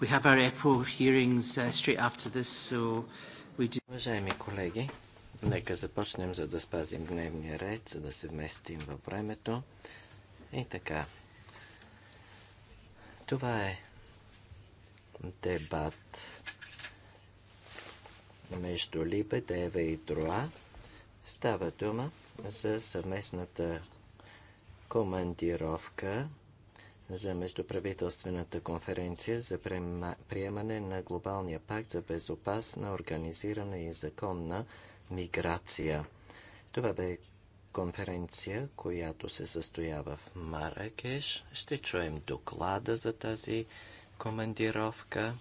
We have our EPO hearings uh, straight after this, so we do... Уважаеми колеги, нека започнем, за да спазим дневния ред, за да се вместим във времето. И така. Това е дебат между Либе, Дева и Друа. Става дума за съвместната командировка за Междуправителствената конференция за приемане на Глобалния пакт за безопасна, организирана и законна миграция. Това бе конференция, която се състоява в Маракеш. Ще чуем доклада за тази командировка.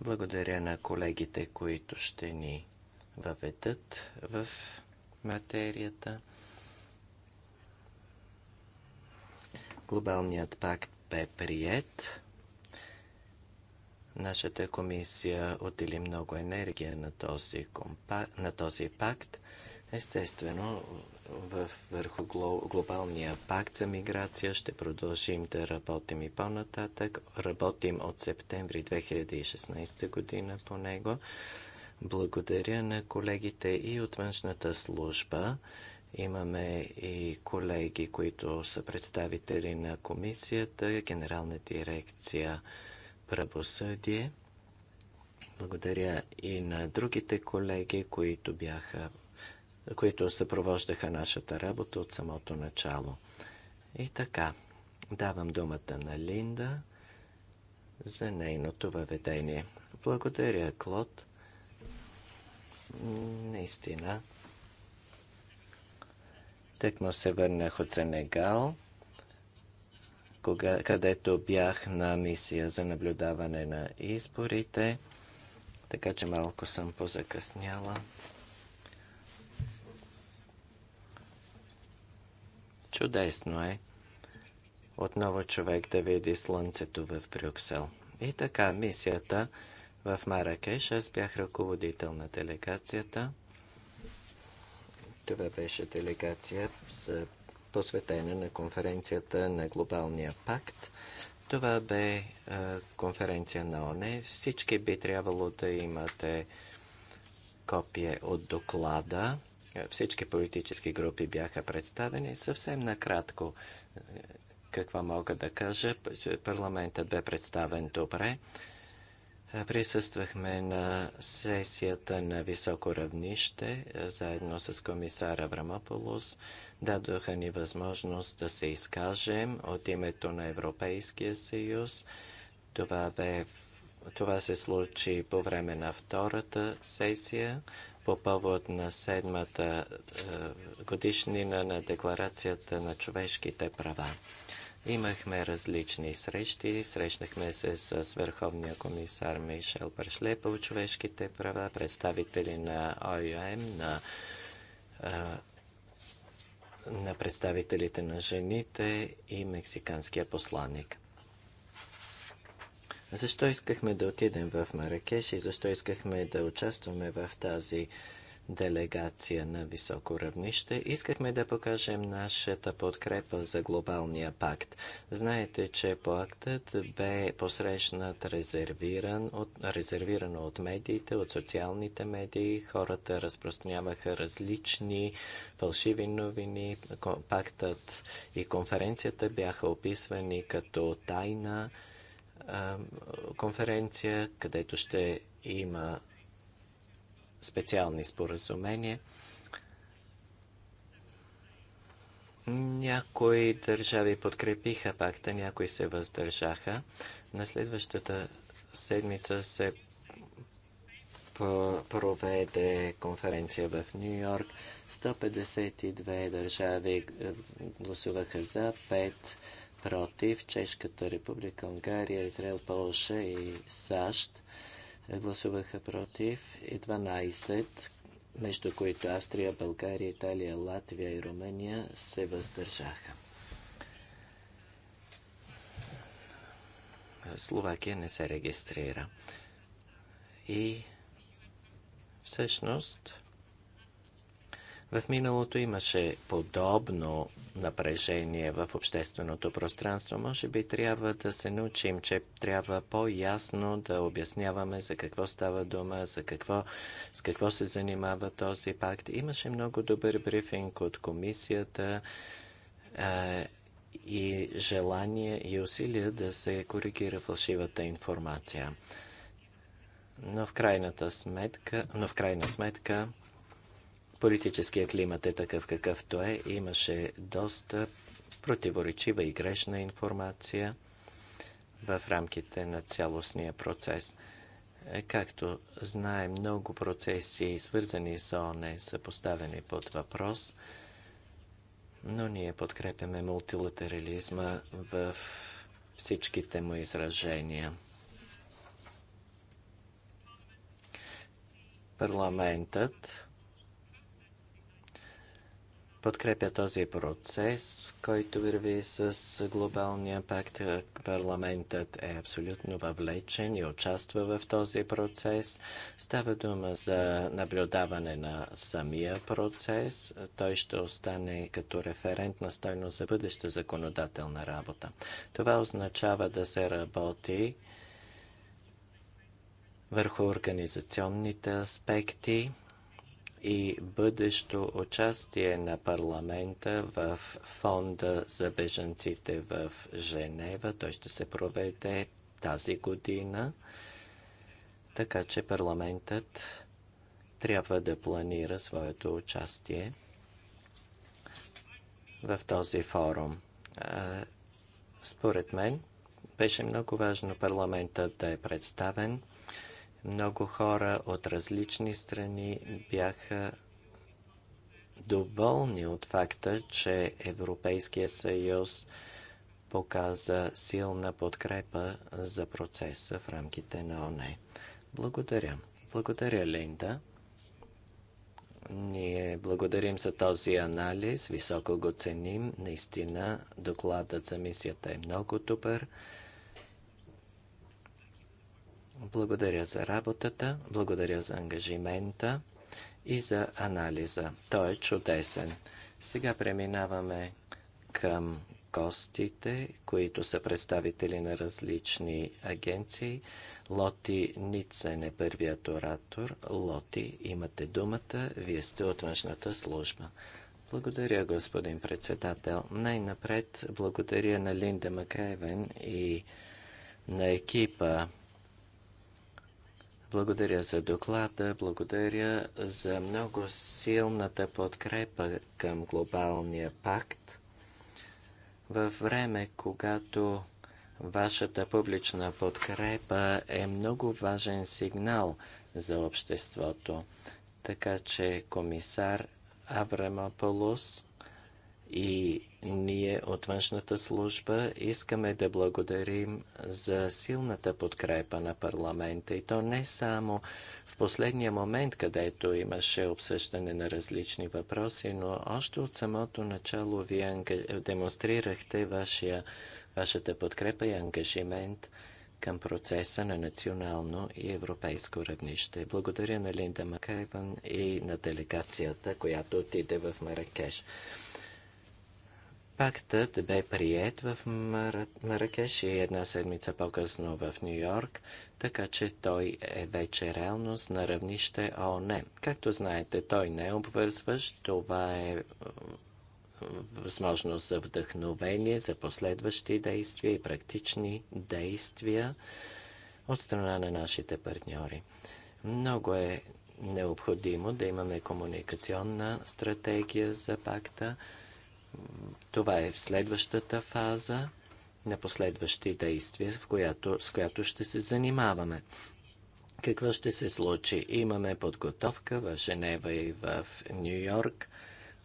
Благодаря на колегите, които ще ни въведат в материята. Глобалният пакт бе прият. Нашата комисия отдели много енергия на този, компа... на този пакт. Естествено, в, върху глобалния пакт за миграция ще продължим да работим и по-нататък. Работим от септември 2016 година по него. Благодаря на колегите и от външната служба Имаме и колеги, които са представители на комисията, генерална дирекция правосъдие. Благодаря и на другите колеги, които бяха които съпровождаха нашата работа от самото начало. И така, давам думата на Линда за нейното въведение. Благодаря, Клод. Наистина, Тъкмо се върнах от Сенегал, кога, където бях на мисия за наблюдаване на изборите, така че малко съм позакъсняла. Чудесно е отново човек да види слънцето в Брюксел. И така, мисията в Маракеш, аз бях ръководител на делегацията – това беше делегация за посветена на конференцията на Глобалния пакт. Това бе е, конференция на ОНЕ. Всички би трябвало да имате копие от доклада. Всички политически групи бяха представени. Съвсем накратко, е, какво мога да кажа, парламентът бе представен добре. Присъствахме на сесията на високо равнище, е, заедно с комисара Аврамополос. Дадоха ни възможност да се изкажем от името на Европейския съюз. Това, бе, това се случи по време на втората сесия, по повод на седмата е, годишнина на Декларацията на човешките права. Имахме различни срещи. Срещнахме се с Върховния комисар Мишел Паршле по човешките права, представители на ОЮМ, на, на представителите на жените и мексиканския посланник. Защо искахме да отидем в Маракеш и защо искахме да участваме в тази делегация на високо равнище, искахме да покажем нашата подкрепа за глобалния пакт. Знаете, че пактът бе посрещнат резервиран от, резервирано от медиите, от социалните медии. Хората разпространяваха различни фалшиви новини. Пактът и конференцията бяха описвани като тайна конференция, където ще има специални споразумения. Някои държави подкрепиха пакта, някои се въздържаха. На следващата седмица се проведе конференция в Нью Йорк. 152 държави е, гласуваха за, 5 против. Чешката република, Унгария, Израел, Полша и САЩ гласуваха против и 12, между които Австрия, България, Италия, Латвия и Румъния се въздържаха. Словакия не се регистрира. И всъщност в миналото имаше подобно напрежение в общественото пространство. Може би трябва да се научим, че трябва по-ясно да обясняваме за какво става дума, за какво, с какво се занимава този пакт. Имаше много добър брифинг от комисията е, и желание и усилия да се коригира фалшивата информация. Но в крайната сметка, но в крайна сметка Политическият климат е такъв какъвто е. Имаше доста противоречива и грешна информация в рамките на цялостния процес. Е, както знаем, много процеси, свързани с ООН, са поставени под въпрос, но ние подкрепяме мултилатерализма в всичките му изражения. Парламентът подкрепя този процес, който върви с глобалния пакт. Парламентът е абсолютно въвлечен и участва в този процес. Става дума за наблюдаване на самия процес. Той ще остане като референтна стойност за бъдеща законодателна работа. Това означава да се работи върху организационните аспекти и бъдещо участие на парламента в фонда за беженците в Женева. Той ще се проведе тази година, така че парламентът трябва да планира своето участие в този форум. Според мен беше много важно парламентът да е представен много хора от различни страни бяха доволни от факта, че Европейския съюз показа силна подкрепа за процеса в рамките на ОНЕ. Благодаря. Благодаря, Линда. Ние благодарим за този анализ, високо го ценим. Наистина, докладът за мисията е много добър. Благодаря за работата, благодаря за ангажимента и за анализа. Той е чудесен. Сега преминаваме към гостите, които са представители на различни агенции. Лоти Ницен е първият оратор. Лоти, имате думата. Вие сте от външната служба. Благодаря, господин председател. Най-напред благодаря на Линда Макаевен и на екипа благодаря за доклада, благодаря за много силната подкрепа към глобалния пакт. Във време, когато вашата публична подкрепа е много важен сигнал за обществото. Така че комисар Аврамополос и ние от външната служба искаме да благодарим за силната подкрепа на парламента. И то не само в последния момент, където имаше обсъждане на различни въпроси, но още от самото начало вие демонстрирахте вашия, вашата подкрепа и ангажимент към процеса на национално и европейско равнище. Благодаря на Линда Макайван и на делегацията, която отиде в Маракеш. Пактът бе прият в Мар... Маракеш и една седмица по-късно в Нью Йорк, така че той е вече реалност на равнище ООН. Както знаете, той не е обвързващ, това е възможност за вдъхновение, за последващи действия и практични действия от страна на нашите партньори. Много е необходимо да имаме комуникационна стратегия за пакта, това е в следващата фаза на последващи действия, в която, с която ще се занимаваме. Какво ще се случи? Имаме подготовка в Женева и в Нью Йорк –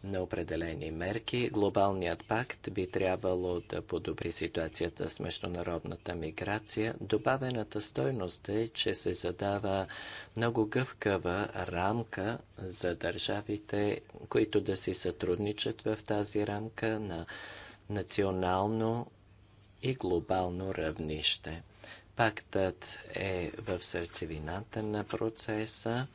на определени мерки. Глобалният пакт би трябвало да подобри ситуацията с международната миграция. Добавената стойност е, че се задава много гъвкава рамка за държавите, които да си сътрудничат в тази рамка на национално и глобално равнище. Пактът е в сърцевината на процеса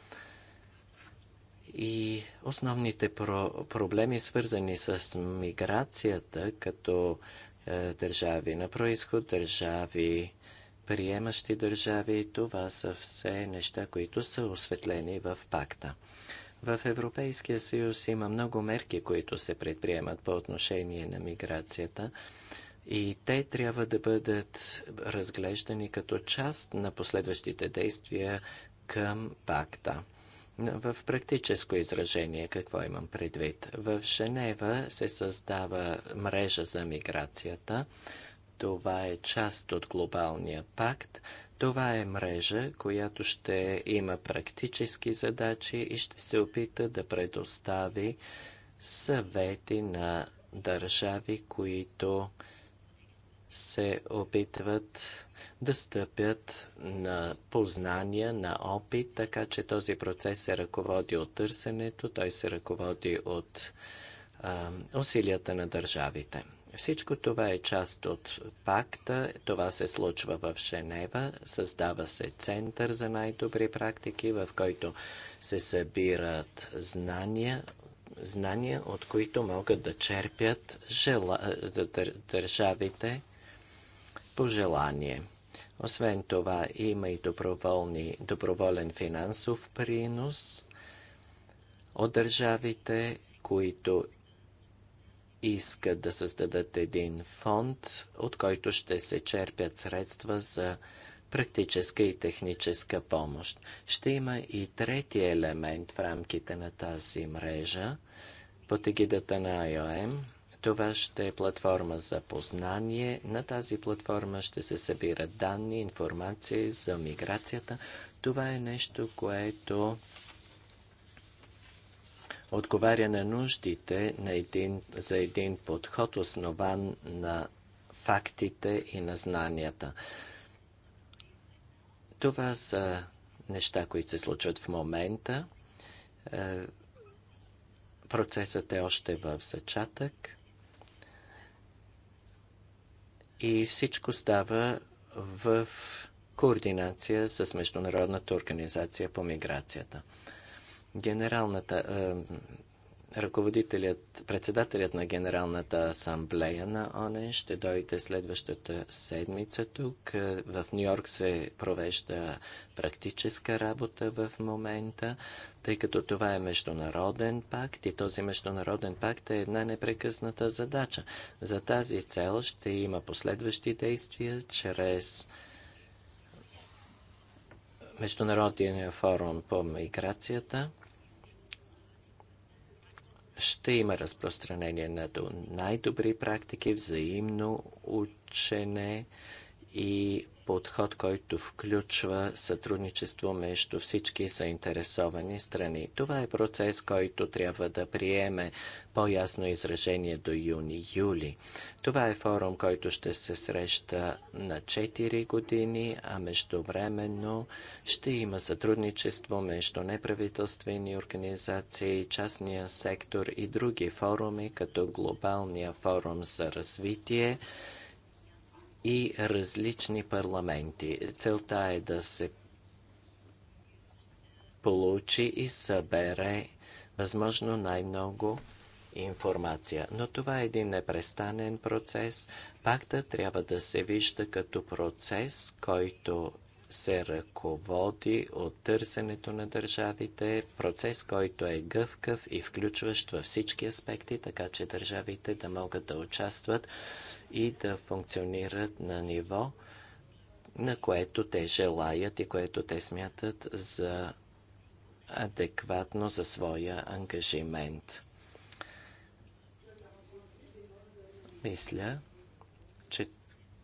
и основните про- проблеми, свързани с миграцията, като е, държави на происход, държави, приемащи държави, това са все неща, които са осветлени в пакта. В Европейския съюз има много мерки, които се предприемат по отношение на миграцията и те трябва да бъдат разглеждани като част на последващите действия към пакта. В практическо изражение какво имам предвид? В Женева се създава мрежа за миграцията. Това е част от глобалния пакт. Това е мрежа, която ще има практически задачи и ще се опита да предостави съвети на държави, които се опитват да стъпят на познания, на опит, така че този процес се ръководи от търсенето, той се ръководи от а, усилията на държавите. Всичко това е част от пакта, това се случва в Женева, създава се център за най-добри практики, в който се събират знания, знания, от които могат да черпят жела... държавите по желание. Освен това има и доброволен финансов принос от държавите, които искат да създадат един фонд, от който ще се черпят средства за практическа и техническа помощ. Ще има и трети елемент в рамките на тази мрежа под егидата на IOM – това ще е платформа за познание. На тази платформа ще се събират данни, информации за миграцията. Това е нещо, което отговаря на нуждите на един, за един подход, основан на фактите и на знанията. Това са неща, които се случват в момента. Е, процесът е още в зачатък и всичко става в координация с Международната организация по миграцията. Генералната, е, ръководителят, председателят на Генералната асамблея на ОНЕ ще дойде следващата седмица тук. В Нью Йорк се провежда практическа работа в момента, тъй като това е международен пакт и този международен пакт е една непрекъсната задача. За тази цел ще има последващи действия чрез Международния форум по миграцията – ще има разпространение на най-добри практики, взаимно учене и подход, който включва сътрудничество между всички заинтересовани страни. Това е процес, който трябва да приеме по-ясно изражение до юни-юли. Това е форум, който ще се среща на 4 години, а междувременно ще има сътрудничество между неправителствени организации, частния сектор и други форуми, като Глобалния форум за развитие, и различни парламенти. Целта е да се получи и събере възможно най-много информация. Но това е един непрестанен процес. Пакта трябва да се вижда като процес, който се ръководи от търсенето на държавите, процес, който е гъвкав и включващ във всички аспекти, така че държавите да могат да участват и да функционират на ниво, на което те желаят и което те смятат за адекватно за своя ангажимент. Мисля,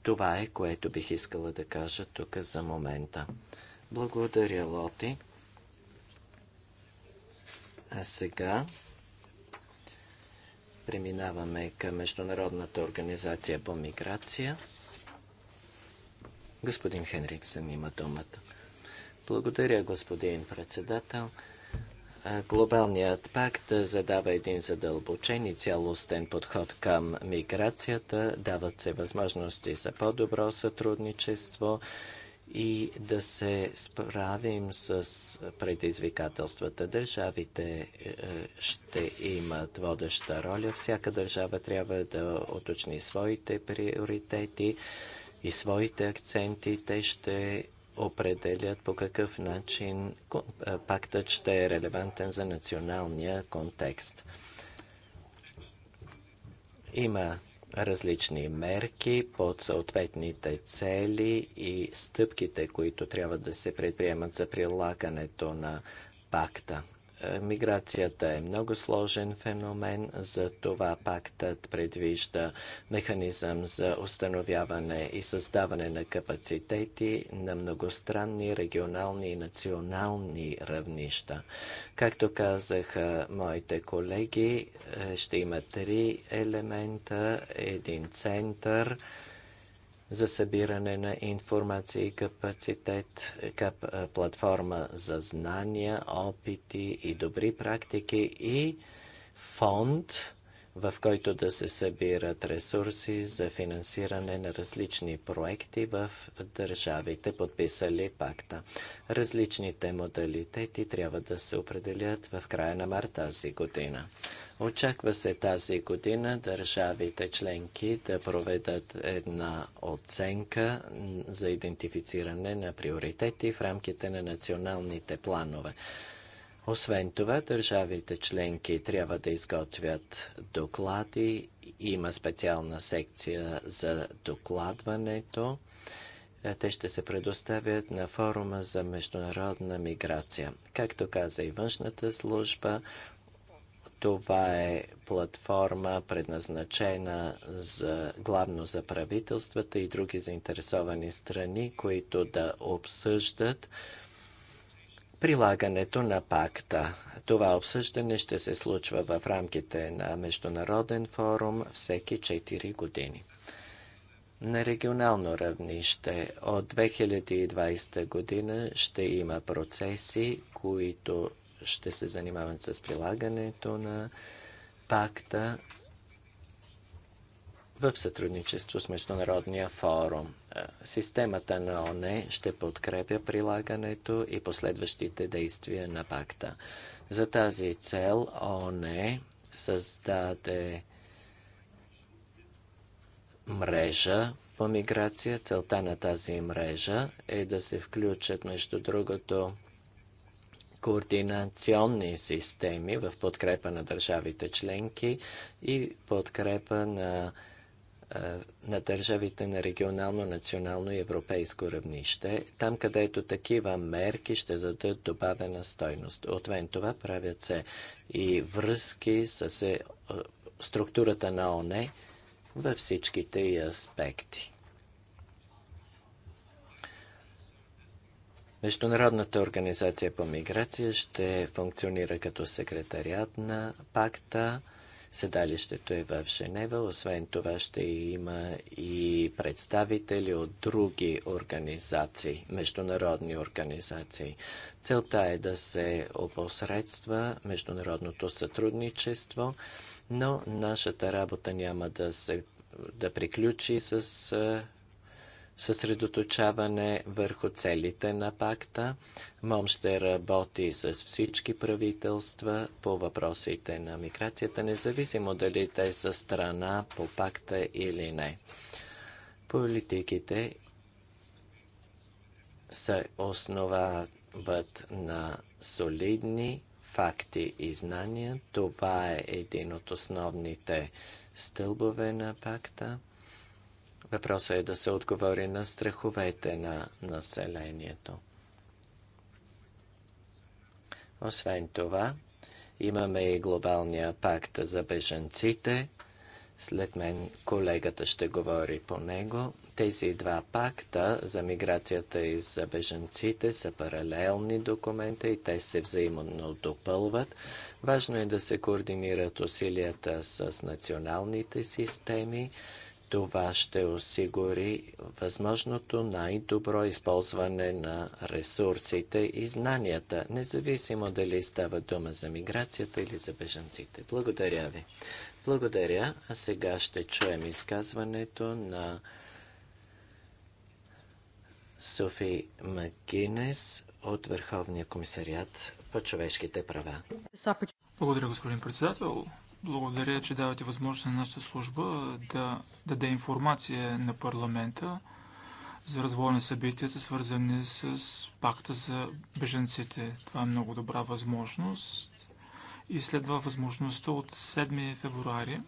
това е, което бих искала да кажа тук за момента. Благодаря, Лоти. А сега преминаваме към Международната организация по миграция. Господин Хенриксън има думата. Благодаря, господин председател. Глобалният пакт задава един задълбочен и цялостен подход към миграцията, дават се възможности за по-добро сътрудничество и да се справим с предизвикателствата. Държавите е, ще имат водеща роля. Всяка държава трябва да уточни своите приоритети и своите акценти. Те ще определят по какъв начин пактът ще е релевантен за националния контекст. Има различни мерки под съответните цели и стъпките, които трябва да се предприемат за прилагането на пакта. Миграцията е много сложен феномен, за това пактът предвижда механизъм за установяване и създаване на капацитети на многостранни, регионални и национални равнища. Както казаха моите колеги, е, ще има три елемента, един център, за събиране на информация и капацитет, кап, платформа за знания, опити и добри практики и фонд в който да се събират ресурси за финансиране на различни проекти в държавите, подписали пакта. Различните модалитети трябва да се определят в края на март тази година. Очаква се тази година държавите членки да проведат една оценка за идентифициране на приоритети в рамките на националните планове. Освен това, държавите членки трябва да изготвят доклади. Има специална секция за докладването. Е, те ще се предоставят на форума за международна миграция. Както каза и външната служба, това е платформа предназначена за, главно за правителствата и други заинтересовани страни, които да обсъждат прилагането на пакта. Това обсъждане ще се случва в рамките на Международен форум всеки 4 години. На регионално равнище от 2020 година ще има процеси, които ще се занимават с прилагането на пакта в сътрудничество с Международния форум. Е, системата на ОНЕ ще подкрепя прилагането и последващите действия на пакта. За тази цел ОНЕ създаде мрежа по миграция. Целта на тази мрежа е да се включат, между другото, координационни системи в подкрепа на държавите членки и подкрепа на на държавите на регионално, национално и европейско равнище, там където такива мерки ще дадат добавена стойност. Отвен това правят се и връзки с структурата на ОНЕ във всичките и аспекти. Международната организация по миграция ще функционира като секретариат на пакта. Седалището е в Женева. Освен това ще има и представители от други организации, международни организации. Целта е да се опосредства международното сътрудничество, но нашата работа няма да се да приключи с съсредоточаване върху целите на пакта. МОМ ще работи с всички правителства по въпросите на миграцията, независимо дали те са страна по пакта или не. Политиките се основават на солидни факти и знания. Това е един от основните стълбове на пакта. Въпросът е да се отговори на страховете на населението. Освен това, имаме и глобалния пакт за беженците. След мен колегата ще говори по него. Тези два пакта за миграцията и за беженците са паралелни документа и те се взаимно допълват. Важно е да се координират усилията с националните системи това ще осигури възможното най-добро използване на ресурсите и знанията, независимо дали става дума за миграцията или за бежанците. Благодаря ви. Благодаря. А сега ще чуем изказването на Софи Макинес от Върховния комисариат по човешките права. Благодаря, господин председател. Благодаря, че давате възможност на нашата служба да даде информация на парламента за развой на събитията, свързани с пакта за беженците. Това е много добра възможност. И следва възможността от 7 февруари,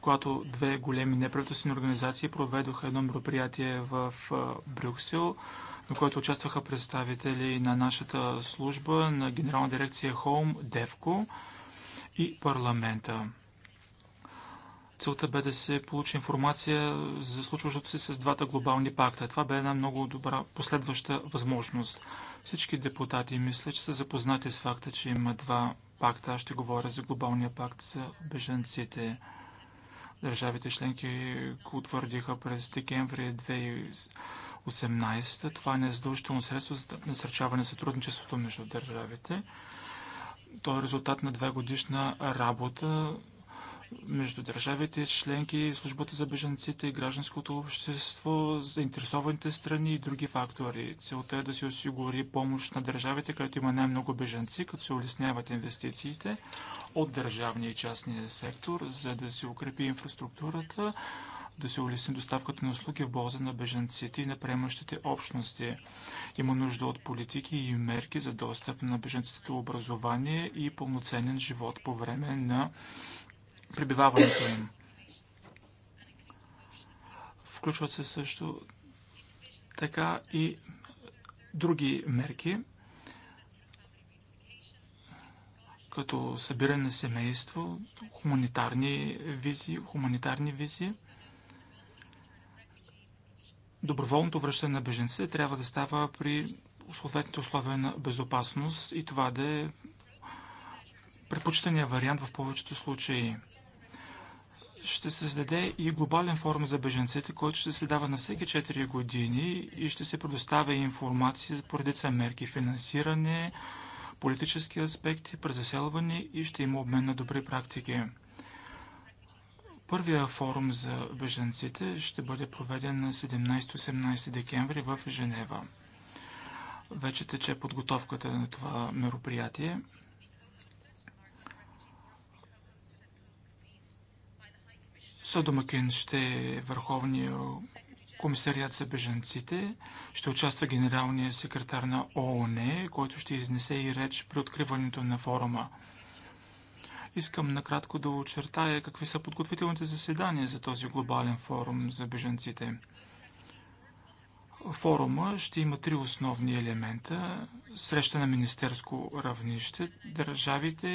когато две големи неправителствени организации проведоха едно мероприятие в Брюксел, на което участваха представители на нашата служба, на Генерална дирекция Home, DEFCO, и парламента. Целта бе да се получи информация за случващото се с двата глобални пакта. Това бе една много добра последваща възможност. Всички депутати мисля, че са запознати с факта, че има два пакта. Аз ще говоря за глобалния пакт за беженците. Държавите членки го утвърдиха през декември 2018. Това не е задължително средство за насърчаване на сътрудничеството между държавите. Той е резултат на две годишна работа между държавите, членки, службата за беженците, гражданското общество, заинтересованите страни и други фактори. Целта е да се осигури помощ на държавите, където има най-много беженци, като се улесняват инвестициите от държавния и частния сектор, за да се укрепи инфраструктурата, да се улесни доставката на услуги в болза на беженците и на приемащите общности. Има нужда от политики и мерки за достъп на беженците до образование и пълноценен живот по време на пребиваването им. Включват се също така и други мерки, като събиране на семейство, хуманитарни визи, хуманитарни визи доброволното връщане на беженците трябва да става при съответните условия на безопасност и това да е предпочитания вариант в повечето случаи. Ще се създаде и глобален форум за беженците, който ще се дава на всеки 4 години и ще се предоставя информация по редица мерки, финансиране, политически аспекти, презаселване и ще има обмен на добри практики. Първия форум за беженците ще бъде проведен на 17-18 декември в Женева. Вече тече подготовката на това мероприятие. Съдомакин ще е върховния комисарият за беженците. Ще участва генералния секретар на ООН, който ще изнесе и реч при откриването на форума. Искам накратко да очертая какви са подготвителните заседания за този глобален форум за беженците. Форума ще има три основни елемента. Среща на министерско равнище. Държавите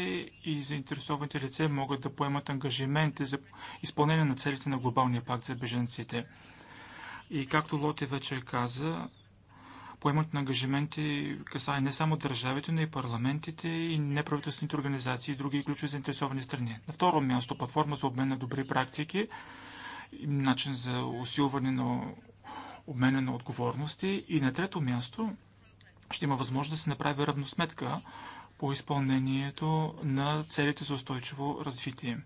и заинтересованите лице могат да поемат ангажименти за изпълнение на целите на глобалния пакт за беженците. И както Лоте вече каза, поемат на ангажименти касае не само държавите, но и парламентите и неправителствените организации и други ключови заинтересовани страни. На второ място платформа за обмен на добри практики, начин за усилване на обмена на отговорности и на трето място ще има възможност да се направи равносметка по изпълнението на целите за устойчиво развитие.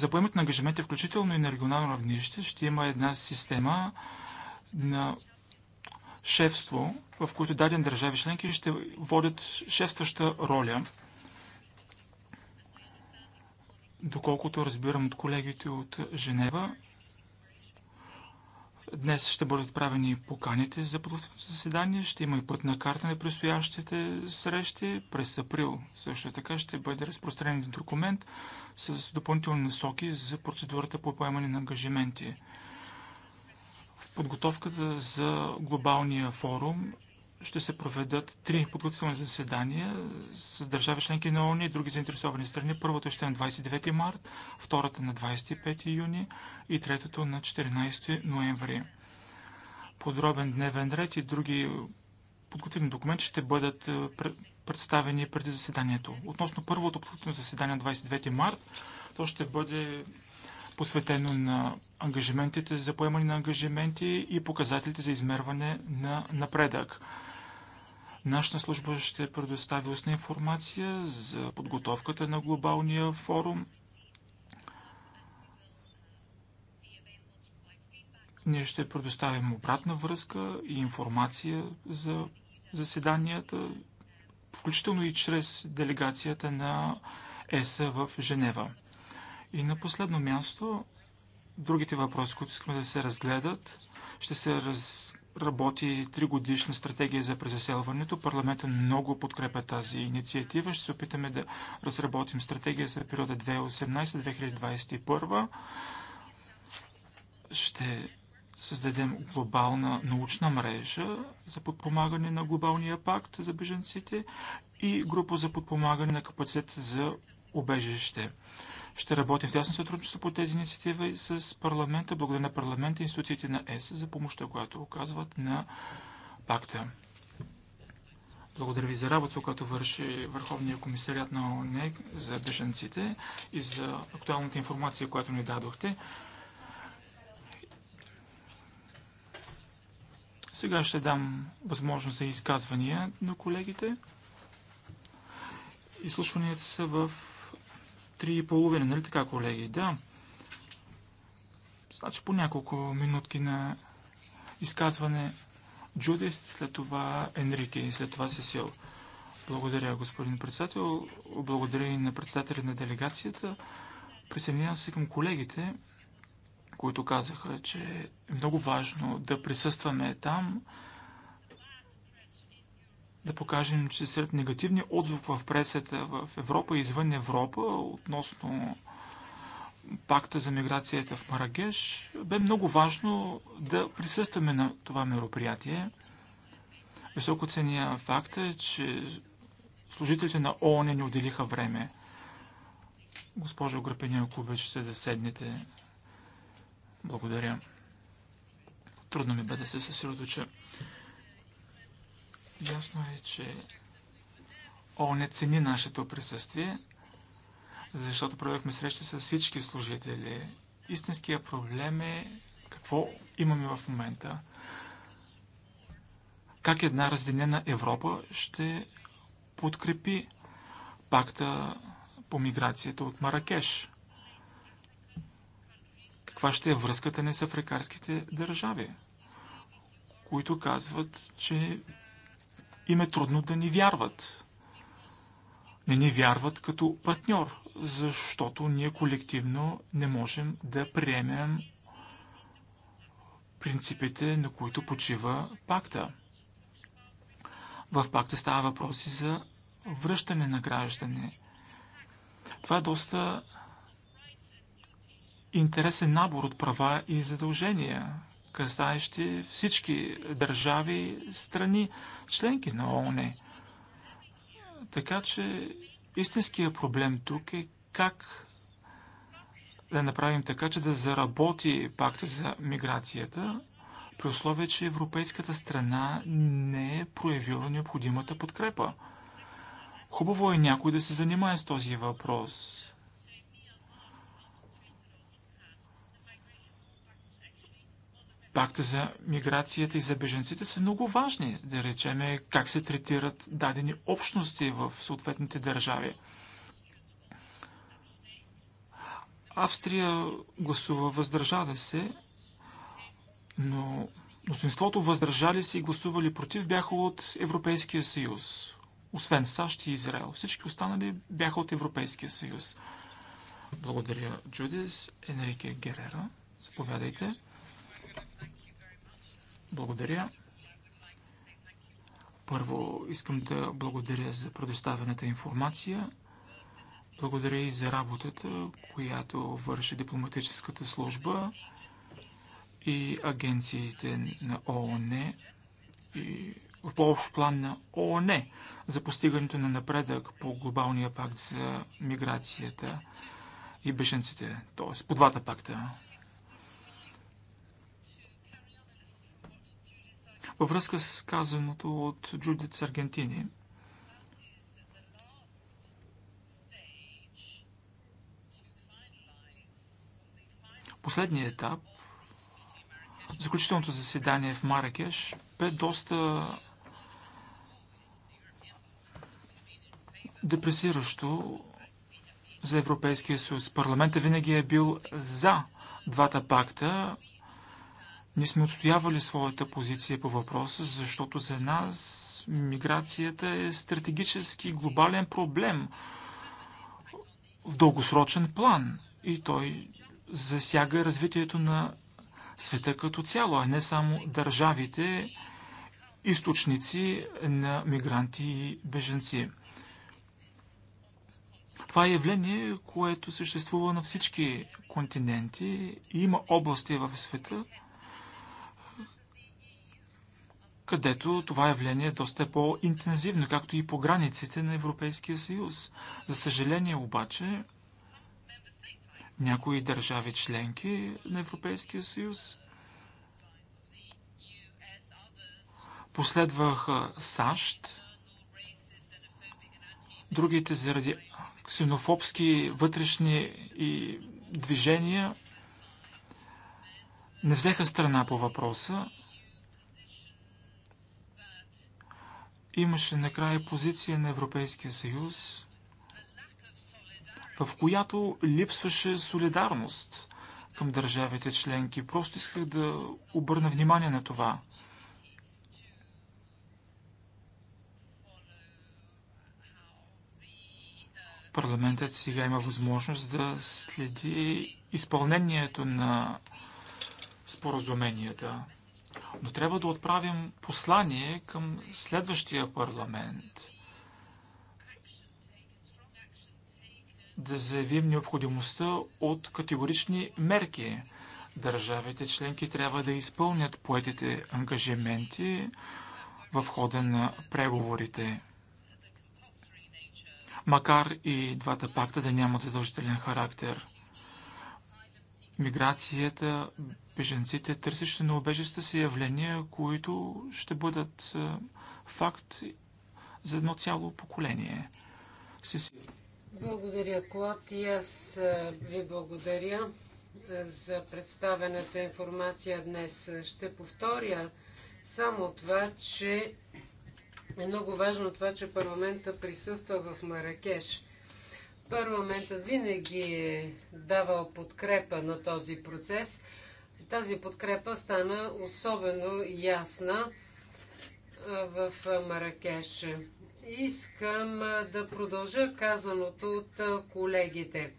За поемането на ангажименти, включително и на регионално равнище, ще има една система на шефство, в които даден държави членки ще водят шефстваща роля. Доколкото разбирам от колегите от Женева, Днес ще бъдат правени поканите за заседание. Ще има и път на карта на предстоящите срещи. През април също така ще бъде разпространен документ с допълнителни насоки за процедурата по поемане на ангажименти. В подготовката за глобалния форум ще се проведат три подготвителни заседания с държави членки на ООН и други заинтересовани страни. Първото ще е на 29 март, втората на 25 юни и третото на 14 ноември. Подробен дневен ред и други подготвителни документи ще бъдат е, представени преди заседанието. Относно първото подготвително заседание на 29 март, то ще бъде посветено на ангажиментите за поемане на ангажименти и показателите за измерване на напредък. Нашата служба ще предостави устна информация за подготовката на глобалния форум. Ние ще предоставим обратна връзка и информация за заседанията, включително и чрез делегацията на ЕСА в Женева. И на последно място, другите въпроси, които искаме да се разгледат, ще се разгледат работи тригодишна стратегия за презаселването. Парламента много подкрепя тази инициатива. Ще се опитаме да разработим стратегия за периода 2018-2021. Ще създадем глобална научна мрежа за подпомагане на глобалния пакт за беженците и група за подпомагане на капацитет за убежище. Ще работим в тясно сътрудничество по тези инициатива и с парламента, благодаря на парламента и институциите на ЕС за помощта, която оказват на пакта. Благодаря ви за работа, която върши Върховния комисариат на ООН за беженците и за актуалната информация, която ни дадохте. Сега ще дам възможност за изказвания на колегите. Изслушванията са в 3,5, нали така, колеги? Да. Значи по няколко минутки на изказване Джудис, след това Енрике и след това Сесил. Благодаря, господин председател. Благодаря и на председателя на делегацията. Присъединявам се към колегите, които казаха, че е много важно да присъстваме там, да покажем, че сред негативния отзвук в пресата в Европа и извън Европа относно пакта за миграцията в Марагеш, бе много важно да присъстваме на това мероприятие. Високо цения факта е, че служителите на ООН ни отделиха време. Госпожо Грапеня, ако обичате да седнете, благодаря. Трудно ми бе да се съсредоточа. Ясно е, че ООН не цени нашето присъствие, защото проведохме срещи с всички служители. Истинския проблем е какво имаме в момента. Как една разделена Европа ще подкрепи пакта по миграцията от Маракеш? Каква ще е връзката ни с африканските държави, които казват, че им е трудно да ни вярват. Не ни вярват като партньор, защото ние колективно не можем да приемем принципите, на които почива пакта. В пакта става въпроси за връщане на граждане. Това е доста интересен набор от права и задължения, касаещи всички държави, страни, членки на ООН. Така че истинския проблем тук е как да направим така, че да заработи пакта за миграцията, при условие, че европейската страна не е проявила необходимата подкрепа. Хубаво е някой да се занимае с този въпрос. Пакта за миграцията и за беженците са много важни, да речеме как се третират дадени общности в съответните държави. Австрия гласува въздържали се, но Мнозинството въздържали се и гласували против бяха от Европейския съюз. Освен САЩ и Израел. Всички останали бяха от Европейския съюз. Благодаря, Джудис. Енрике Герера, заповядайте. Благодаря. Първо искам да благодаря за предоставената информация. Благодаря и за работата, която върши дипломатическата служба и агенциите на ООН и в по-общ план на ООН за постигането на напредък по глобалния пакт за миграцията и бешенците, т.е. по двата пакта. Във връзка с казаното от Джудит Саргентини, Аргентини, последният етап, заключителното заседание в Маракеш, бе доста депресиращо за Европейския съюз. Парламента винаги е бил за двата пакта ние сме отстоявали своята позиция по въпроса, защото за нас миграцията е стратегически глобален проблем в дългосрочен план и той засяга развитието на света като цяло, а не само държавите, източници на мигранти и беженци. Това е явление, което съществува на всички континенти и има области в света, където това явление е доста е по-интензивно, както и по границите на Европейския съюз. За съжаление обаче, някои държави членки на Европейския съюз последваха САЩ, другите заради ксенофобски вътрешни и движения не взеха страна по въпроса. Имаше накрая позиция на Европейския съюз, в която липсваше солидарност към държавите членки. Просто исках да обърна внимание на това. Парламентът сега има възможност да следи изпълнението на споразуменията но трябва да отправим послание към следващия парламент. Да заявим необходимостта от категорични мерки. Държавите членки трябва да изпълнят поетите ангажименти в хода на преговорите. Макар и двата пакта да нямат задължителен характер. Миграцията Беженците, търсещи на убежище се явления, които ще бъдат факт за едно цяло поколение. Благодаря, Клод. И аз ви благодаря за представената информация днес. Ще повторя само това, че е много важно това, че парламента присъства в Маракеш. Парламентът винаги е давал подкрепа на този процес – тази подкрепа стана особено ясна в Маракеш. Искам да продължа казаното от колегите.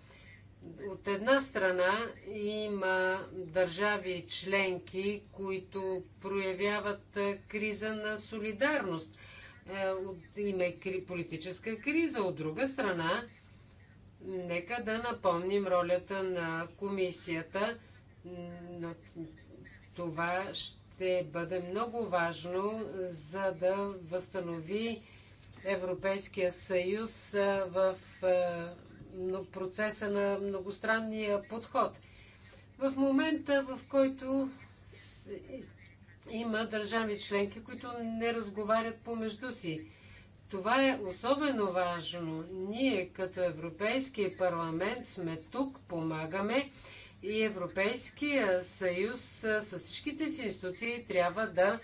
От една страна има държави членки, които проявяват криза на солидарност. Е, има е и политическа криза. От друга страна, нека да напомним ролята на комисията – но това ще бъде много важно, за да възстанови Европейския съюз в процеса на многостранния подход. В момента, в който има държави членки, които не разговарят помежду си. Това е особено важно. Ние като Европейски парламент сме тук, помагаме и Европейския съюз с всичките си институции трябва да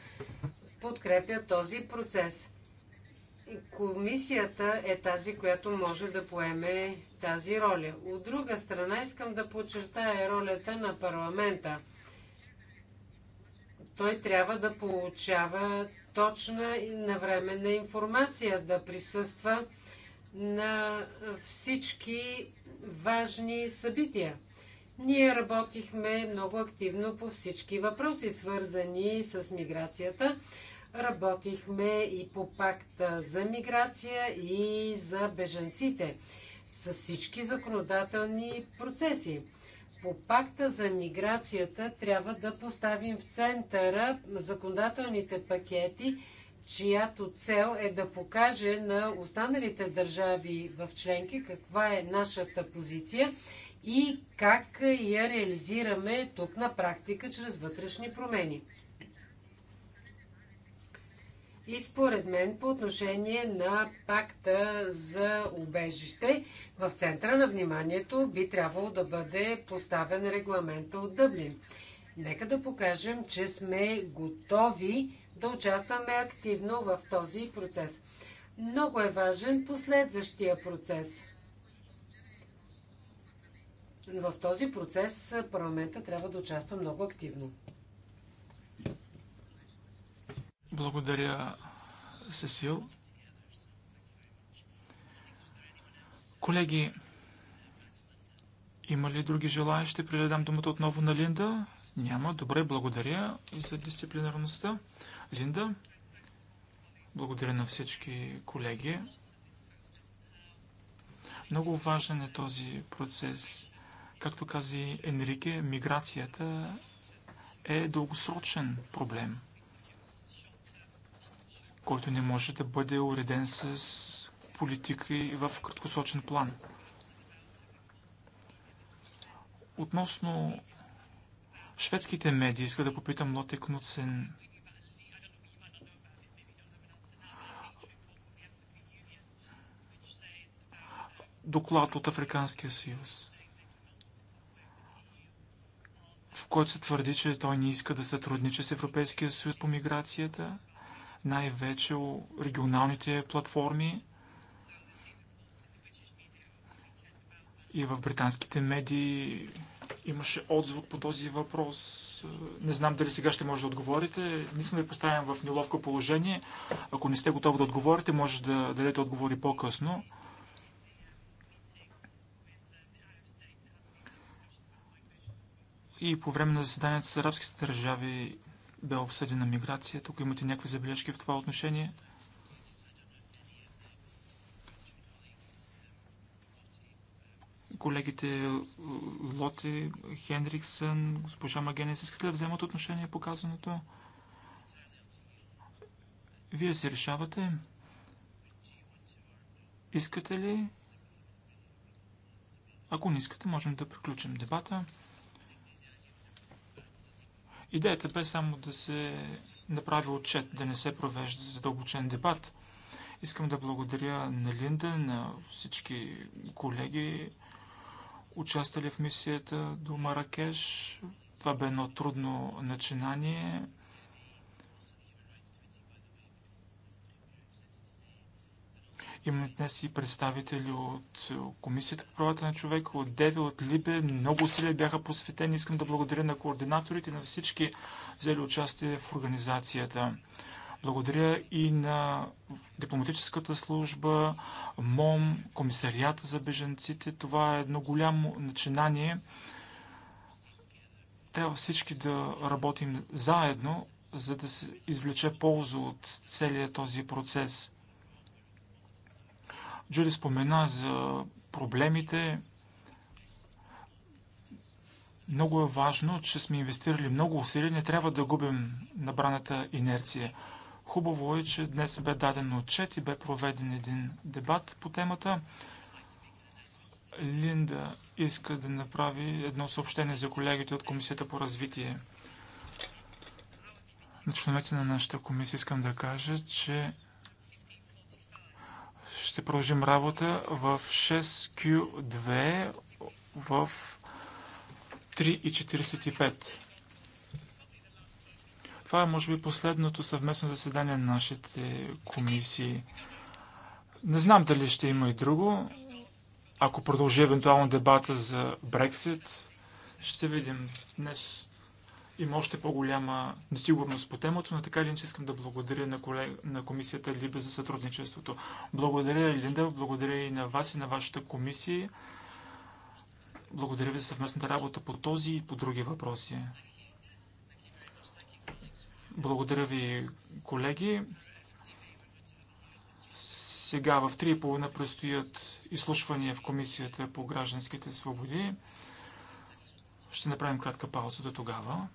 подкрепят този процес. Комисията е тази, която може да поеме тази роля. От друга страна искам да подчертая ролята на парламента. Той трябва да получава точна и навременна информация, да присъства на всички важни събития. Ние работихме много активно по всички въпроси, свързани с миграцията. Работихме и по пакта за миграция и за бежанците, с всички законодателни процеси. По пакта за миграцията трябва да поставим в центъра законодателните пакети, чиято цел е да покаже на останалите държави в членки каква е нашата позиция и как я реализираме тук на практика чрез вътрешни промени. И според мен по отношение на пакта за убежище, в центъра на вниманието би трябвало да бъде поставен регламента от Дъблин. Нека да покажем, че сме готови да участваме активно в този процес. Много е важен последващия процес – в този процес парламента трябва да участва много активно. Благодаря, Сесил. Колеги, има ли други желаящи? Предадам думата отново на Линда. Няма. Добре, благодаря и за дисциплинарността. Линда, благодаря на всички колеги. Много важен е този процес Както каза Енрике, миграцията е дългосрочен проблем, който не може да бъде уреден с политика и в краткосрочен план. Относно шведските медии, иска да попитам Лоте Кнутсен. Доклад от Африканския съюз. който се твърди, че той не иска да сътрудничи с Европейския съюз по миграцията, най-вече регионалните платформи и в британските медии имаше отзвук по този въпрос. Не знам дали сега ще може да отговорите. Не съм ви поставям в неловко положение. Ако не сте готови да отговорите, може да дадете отговори по-късно. И по време на заседанието с арабските държави бе обсъдена миграция. Тук имате някакви забележки в това отношение? Колегите Лоти, Хендриксън, госпожа Магенес, искат ли да вземат отношение по казаното? Вие се решавате. Искате ли? Ако не искате, можем да приключим дебата. Идеята бе само да се направи отчет, да не се провежда задълбочен дебат. Искам да благодаря на Линда, на всички колеги, участвали в мисията до Маракеш. Това бе едно трудно начинание. Имаме днес и представители от е, Комисията по правата на човека, от ДЕВИ, от ЛИБЕ. Много усилия бяха посветени. Искам да благодаря на координаторите, на всички взели участие в организацията. Благодаря и на дипломатическата служба, МОМ, комисарията за беженците. Това е едно голямо начинание. Трябва всички да работим заедно, за да се извлече полза от целият този процес – Джуди спомена за проблемите. Много е важно, че сме инвестирали много усилия. Не трябва да губим набраната инерция. Хубаво е, че днес бе даден отчет и бе проведен един дебат по темата. Линда иска да направи едно съобщение за колегите от Комисията по развитие. На членовете на нашата комисия искам да кажа, че ще продължим работа в 6Q2 в 3.45. Това е, може би, последното съвместно заседание на нашите комисии. Не знам дали ще има и друго. Ако продължи евентуално дебата за Брексит, ще видим. Днес има още по-голяма несигурност по темата, но така или иначе искам да благодаря на, колег... на комисията Либе за сътрудничеството. Благодаря Линда, благодаря и на вас и на вашата комисия. Благодаря ви за съвместната работа по този и по други въпроси. Благодаря ви, колеги. Сега в 3.30 предстоят изслушвания в Комисията по гражданските свободи. Ще направим кратка пауза до тогава.